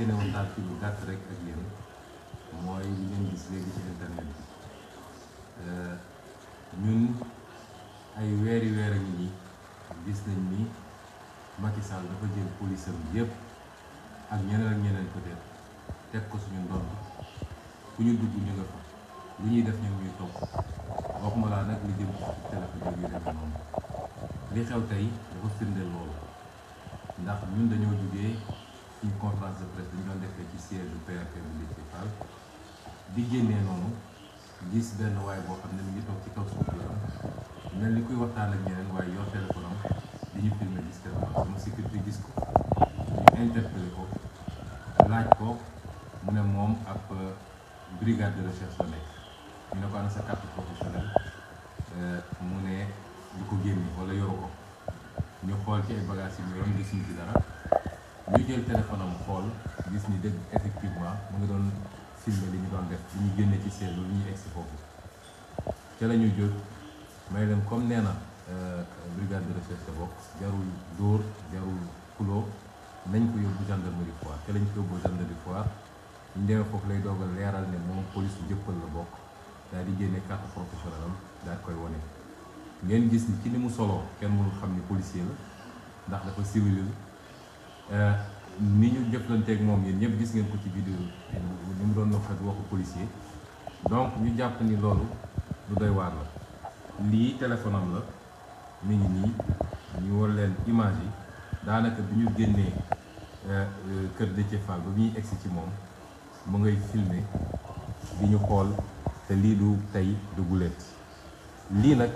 yéene woon daal fi lu mooy li ngeen gis léegi ci euh, weer gis nañ ni Macky Sall dafa jël police am ak ñeneen ak ñeneen ko suñu ndoom ku ñu dugg ñu nga fa lu ñuy def ñun ñuy topp waxuma laa nag li jëm ci téléphone bi ñu def noonu li xew tey dafa firndeel loolu ndax ñun dañoo jugee. ci conférence de presse dañu doon defee ci siège PRP bu Déthié Fall di génnee noonu gis benn waay boo xam ne mu ngi toog ci kaw suufuram mel ni kuy waxtaan ak ñeneen waaye yor téléphone di ñu filmer discrètement sama sécurité gis ko ñu interpellé ko laaj ko mu ne moom ab euh, brigade de recherche la nekk ñu ne ko ana sa carte professionnelle euh, mu ne du ko génne wala yoru ko ñu xool ci ay bagages yi mu yor gisuñu ci dara ñu jël téléphone am xool gis ni dëgg effectivement mu ngi doon filmé li ñu doon def li ñu génne ci seen lu ñu si foofu ca lañu ñuy jot may leen comme nee na euh, brigade de recherche bokk jarul dóor jarul kuloo nañ ko yóbbu gendarmerie Foire ca lañ ko yóbbu gendarmerie Foire ñu demee foofu lay doogal leeral ne moom police jëppal la bokk daal di génne carte professionnelle am daal koy wone ngeen gis ni ci ni mu soloo kenn mënul xam ni policier la ndax dafa civil Euh, ni ñu jëflanteeg moom yéen ñëpp gis ngeen ko ci vidéo li mu doon wax ak waxu policier donc ñu jàpp ni loolu lu doy waar la lii téléphone la mi ngi nii ñu war leen image yi daanaka bi ñu génnee euh, euh, kër Déthié Fall ba bi ñuy egsi ci moom mu ngay filmer di ñu xool te lii du tey du guléet lii nag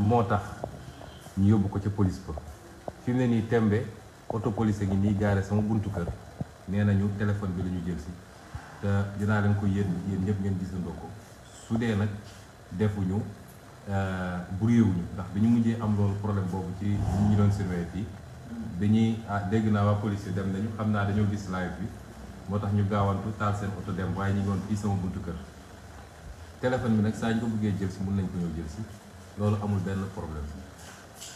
moo tax ñu yóbbu ko ca police ba fi nii tembe auto police ngi nii gaare sama buntu kër nee nañu téléphone bi la ñu jël si te dinaa leen ko yéen yéen ñëpp ngeen gisandoo ko su dee nag defuñu euh, brouillewuñu ndax bi ñu mujjee am loolu problème boobu ci ñu doon surveiller fii dañuy ah dégg naa waa policier dem nañu xam naa dañoo gis live bi moo tax ñu gaawantu taal seen oto dem waaye ñu ngi woon fii sama buntu kër téléphone bi nag saa ñu ko buggee jël si mun nañ ko ñëw jël si loolu amul benn problème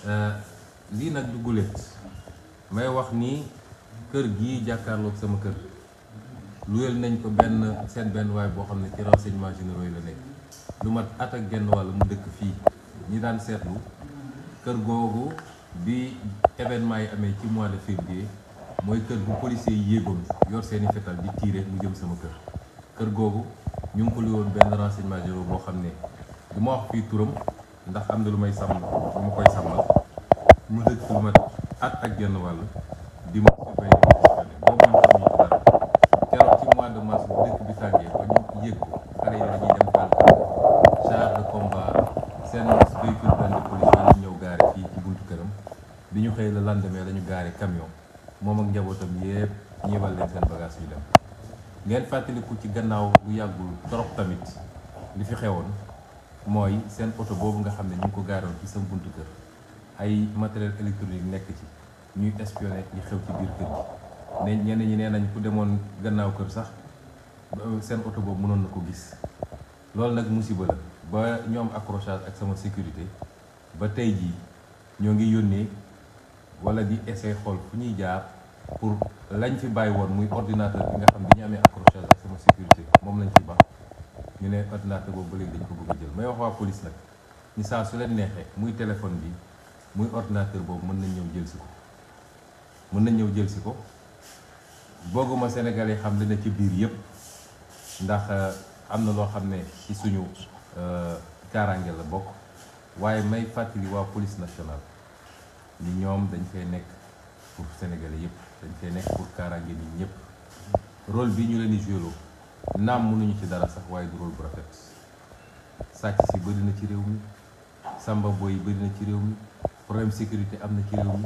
euh, lii nag du guléet may wax ni kër gi jàkkaarlook sama kër luyel nañ ko benn seen benn waay boo xam ne ci renseignement généro yi la nekk lu mat at ak genn wàll mu dëkk fii ñi daan seetlu kër googu bi événement yi amee ci mois de février mooy kër gu policier yi yéegoon yor seeni fetal di tiire mu jëm sama kër kër googu ñu ngi ko luyoon benn renseignement généraux boo xam ne du ma wax fii turam ndax am na lu may sàmm lu ma koy sàmmal mu dëkk lu mat at ak genn wàll di ma si bay boobu ñu xam ñu dara ci mois de mars bu dëkk bi tàngee ba ñu yëg ko xale yi dañuy dem yi ñëw gaare fii ci buntu këram bi ñu xëy la lendemain la ñu gaare camion moom ak njabootam yëpp ñëwal leen seen bagage yi dem ngeen fàttaliku ci gannaaw bu yàggul torop tamit li fi xewoon mooy seen oto boobu nga xam ne ñu ko gaaroon ci sa buntu kër ay matériel électronique nekk ci ñuy espionné li xew ci biir kër gi ne ñenn ñi nee nañ ku demoon gannaaw kër sax seen oto boobu mënoon na ko gis loolu nag musiba la ba ñu am accrochage ak sama sécurité ba tey jii ñoo ngi yónnee walla di essayer xool fu ñuy jaar pour lañ fi bàyyi woon muy ordinateur bi nga xam bi ñu amee accrochage ak sama sécurité moom lañ fi baax ñu ne ordinateur boobu ba léegi dañ ko bëgg a jël may wax waa police nag ñu saa su leen neexee muy téléphone bi muy ordinateur boobu mën nañ ñëw jël si ko mën nañ ñëw jël si ko booguma Sénégal yi xam ne na ci biir yëpp ndax euh, am na loo xam ne ci suñu euh, kaaraange la bokk waaye may fàttali waa police national ni ñoom dañ fay nekk pour Sénégalais yëpp dañ fay nekk pour kaaraange nit ñëpp rôle bi ñu leen di joué naam mënuñu ci dara sax waaye du rôle bu rafet sàcc si bëri na ci réew mi samba boy yi bëri na ci réew mi problème sécurité am na ci réew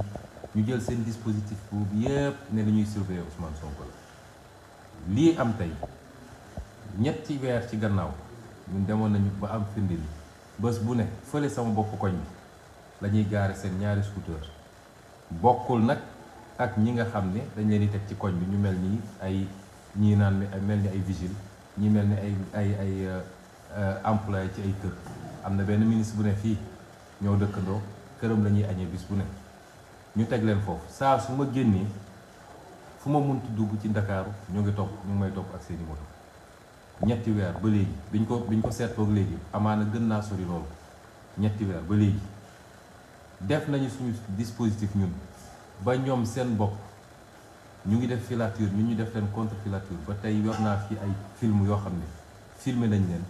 ñu jël seen dispositif boobu yépp ne dañuy surveiller Ousmane Sonko la lii am tey ñetti weer ci gannaaw ñun demoon nañu ba am firnde li bés bu ne fële sama bokk koñ bi la ñuy gaare seen ñaari scooter bokkul nag ak ñi nga xam ne dañ leen di teg ci koñ bi ñu mel nii ay ñii naan mel ni ay vigile ñi mel ni ay ay ay euh, euh, employé ci ay kër am na benn ministre bu ne fii ñoo dëkkandoo këram la ñuy añee bis bu ne ñu teg leen foofu saa su ma génnee fu ma munti dugg ci ndakaaru ñu ngi topp ñu may topp ak seeni moto ñetti weer ba léegi biñ ko biñ ko seetloog léegi amaana gën naa sori loolu ñetti weer ba léegi def nañu suñu dispositif ñun ba ñoom seen bopp ñu ngi def filature ñu ñu def leen contre filature ba tey yor naa fi ay film yoo xam ne filme nañ leen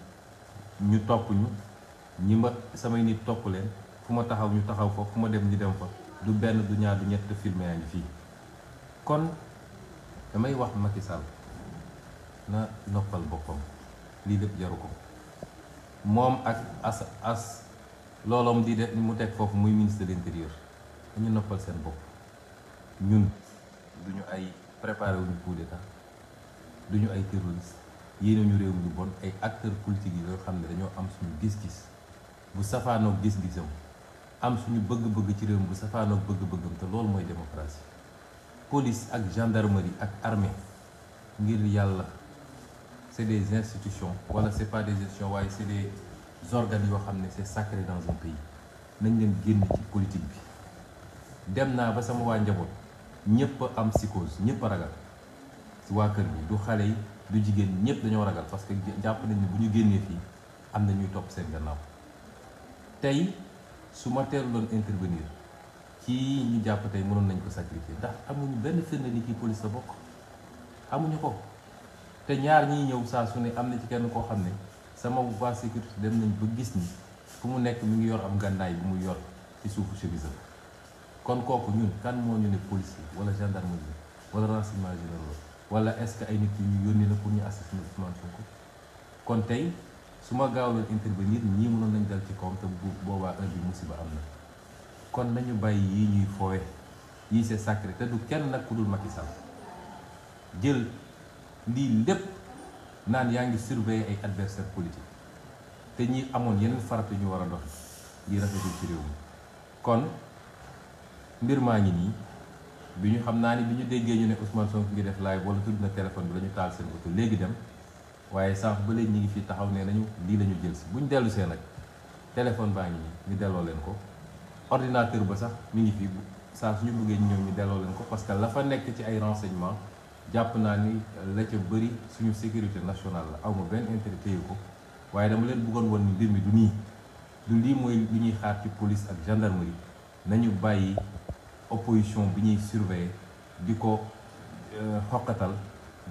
ñu topp ñu ñi ma samay nit topp leen fu ma taxaw ñu taxaw fa fu ma dem ñu dem fa du benn du ñaar du ñett filmé yaa ngi fii kon damay wax Macky Sall na noppal boppam lii lépp jaru ko moom ak as as looloom di de mu teg foofu muy ministre de l'intérieur dañu noppal seen bopp ñun duñu ay préparé wuñu coup d'état duñu ay terroriste yéene ñu réew mi lu bon ay acteurs politiques yi loo xam ne dañoo am suñu gis-gis bu safaanoog gis-gisam am suñu bëgg-bëgg ci réew bu safaanoog bëgg-bëggam te loolu mooy démocratie police ak gendarmerie ak armée ngir yàlla c'est des institutions wala c'est pas des institutions waaye c'est des organes yoo xam ne c'est sacré dans un pays nañ leen génn ci politique bi dem naa ba sama waa njaboot ñëpp a am psychose ñëpp a ragal si waa kër gi du xale yi du jigéen ñëpp dañoo ragal parce que jàpp nañ ne bu ñu génnee fii am na ñuy topp seen gannaaw su ma teelu loon intervenir ci ñu jàpp tey mënoon nañ ko sacrifier ndax amuñu benn firnde ni kii police sa bokk amuñu ko te ñaar ñiy ñëw saa su ne am na ci kenn koo xam ne sama waa sécurité dem nañ ba gis ni fu mu nekk mu ngi yor am gànnaay bi mu yor ci suufu chemise kon kooku ñun kan moo ñu ne police wala gendarmerie wala renseignement général wala est-ce ay nit yi ñu yónni la pour ñu assister Ousmane Sonko kon tey su ma gaaw gaawloon intervenir ñii mënoon nañ dal ci kawam te bu boobaa heure bi musiba am na kon nañu bàyyi yii ñuy foowe yii c'est sacré te du kenn nag ku dul Macky Sall jël lii lépp naan yaa ngi surveiller ay adversaires politiques te ñi amoon yeneen farata ñu war a dox di rafetul ci réew mi kon mbir maa ngi nii bi ñu xam naa ni bi ñu déggee ñu ne Ousmane Sonko ngi def live wala tudd na téléphone bi la ñu taal seen oto léegi dem waaye sax ba léegi ñu ngi fi taxaw ne nañu lii la jël si bu ñu dellu see nag téléphone baa ñi ñu delloo leen ko ordinateur ba sax mi ngi fi saa suñu bëggee ñu ñëw ñu delloo leen ko parce que la fa nekk ci ay renseignement jàpp naa ni la ca bëri suñu sécurité nationale la aw ma benn intérêt téye ko waaye dama leen bëggoon woon ni mbir du nii du lii mooy li ñuy xaar ci police ak gendarmerie nañu bàyyi opposition bi ñuy surveiller di ko euh, xoqatal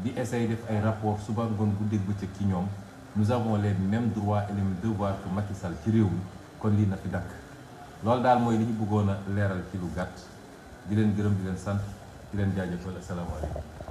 di essayer def ay rapport suba ngoon guddeeg bëccëg ci ñoom nous avons les mêmes droits et les mêmes devoirs que Macky Sall ci réew mi kon lii na fi dakk loolu daal mooy li ñu bëggoon a leeral ci lu gàtt di leen gërëm di leen sant di leen jaajëfal asalaamaaleykum